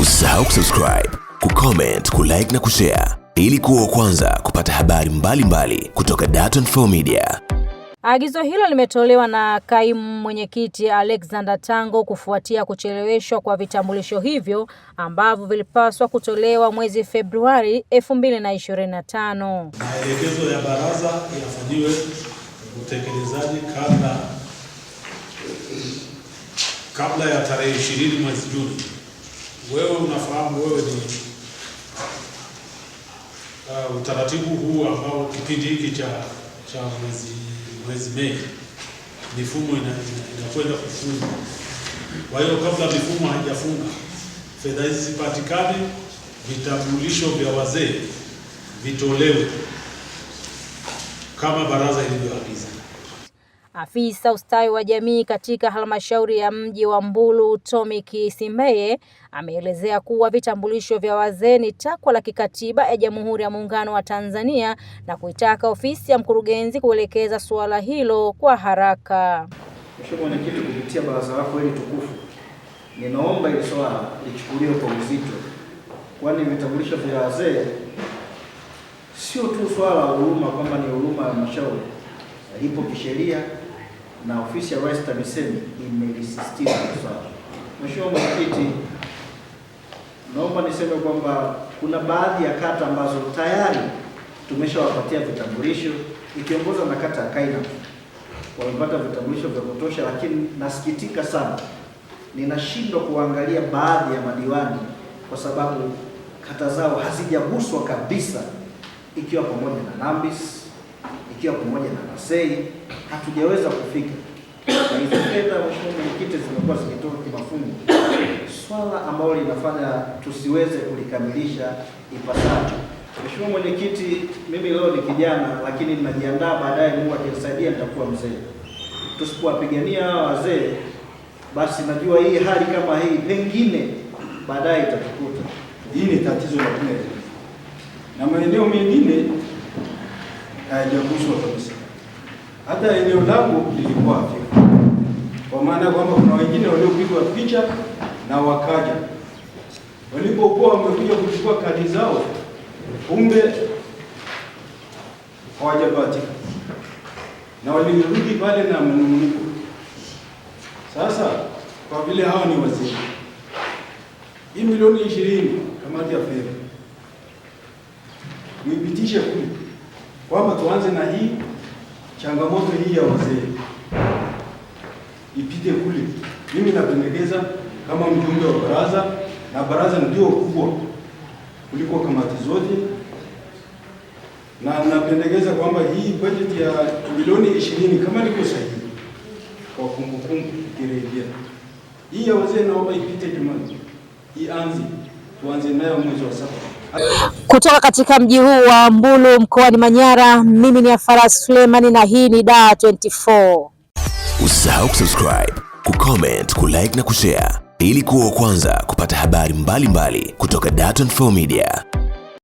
Usisahau kusubscribe, kucomment, kulike na kushare ili kuwa kwanza kupata habari mbalimbali mbali kutoka Dar24 Media. Agizo hilo limetolewa na kaimu mwenyekiti Alexander Tango kufuatia kucheleweshwa kwa vitambulisho hivyo ambavyo vilipaswa kutolewa mwezi Februari 2025. Maelekezo ya baraza yafanyiwe utekelezaji kabla kabla ya tarehe 20 mwezi Juni wewe unafahamu wewe ni uh, utaratibu huu ambao kipindi hiki cha cha mwezi mwezi Mei mifumo inakwenda kufunga. Kwa hiyo kabla mifumo haijafunga, fedha hizi zipatikane, vitambulisho vya wazee vitolewe kama baraza ilivyoagiza. Afisa ustawi wa jamii katika halmashauri ya mji wa Mbulu Tommy kisimbeye ameelezea kuwa vitambulisho vya wazee ni takwa la kikatiba ya Jamhuri ya Muungano wa Tanzania na kuitaka ofisi ya mkurugenzi kuelekeza suala hilo kwa haraka. Mheshimiwa Mwenyekiti, kupitia baraza lako hili tukufu, ninaomba hili swala lichukuliwe kwa uzito, kwani vitambulisho vya wazee sio tu swala la huruma kwamba ni huruma ya halmashauri, lipo kisheria na ofisi ya Rais TAMISEMI imelisisitiza swala. Mheshimiwa Mwenyekiti, naomba niseme kwamba kuna baadhi ya kata ambazo tayari tumeshawapatia vitambulisho ikiongozwa na kata ya kaina wamepata vitambulisho vya kutosha, lakini nasikitika sana, ninashindwa kuangalia baadhi ya madiwani kwa sababu kata zao hazijaguswa kabisa, ikiwa pamoja na Nambis ikiwa pamoja na TASEI hatujaweza kufika, na hizo fedha mheshimiwa mwenyekiti zimekuwa zikitoka kimafungu, swala ambalo linafanya tusiweze kulikamilisha ipasavyo. Mheshimiwa mwenyekiti, mimi leo ni kijana, lakini ninajiandaa baadaye, Mungu akinisaidia nitakuwa mzee. Tusipowapigania hawa wazee, basi najua hii hali kama hii pengine baadaye itatukuta. Hii ni tatizo la kila na maeneo mengine hayajaguswa kabisa. Hata eneo langu lilikuwa hivyo, kwa maana ya kwamba kuna wengine waliopigwa picha na wakaja, walipokuwa wamekuja kuchukua kadi zao, kumbe hawajabahatika na walirudi pale na manunguniko. Sasa kwa vile hawa ni wazee, hii milioni ishirini kamati ya fedha niipitishe kule kwamba tuanze na hii changamoto hii ya wazee ipite kule. Mimi napendekeza kama mjumbe wa baraza, na baraza ndio kubwa kuliko kamati zote, na napendekeza kwamba hii bajeti ya milioni ishirini kama niko sahihi kwa kumbukumbu ikirejea, hii ya wazee naomba ipite jumani, ianze tuanze nayo mwezi wa saba. Kutoka katika mji huu wa Mbulu mkoani Manyara, mimi ni Afara Suleiman na hii ni Dar 24. Usisahau kusubscribe, kucomment, kulike na kushare ili kuwa wa kwanza kupata habari mbalimbali mbali kutoka Dar 24 Media.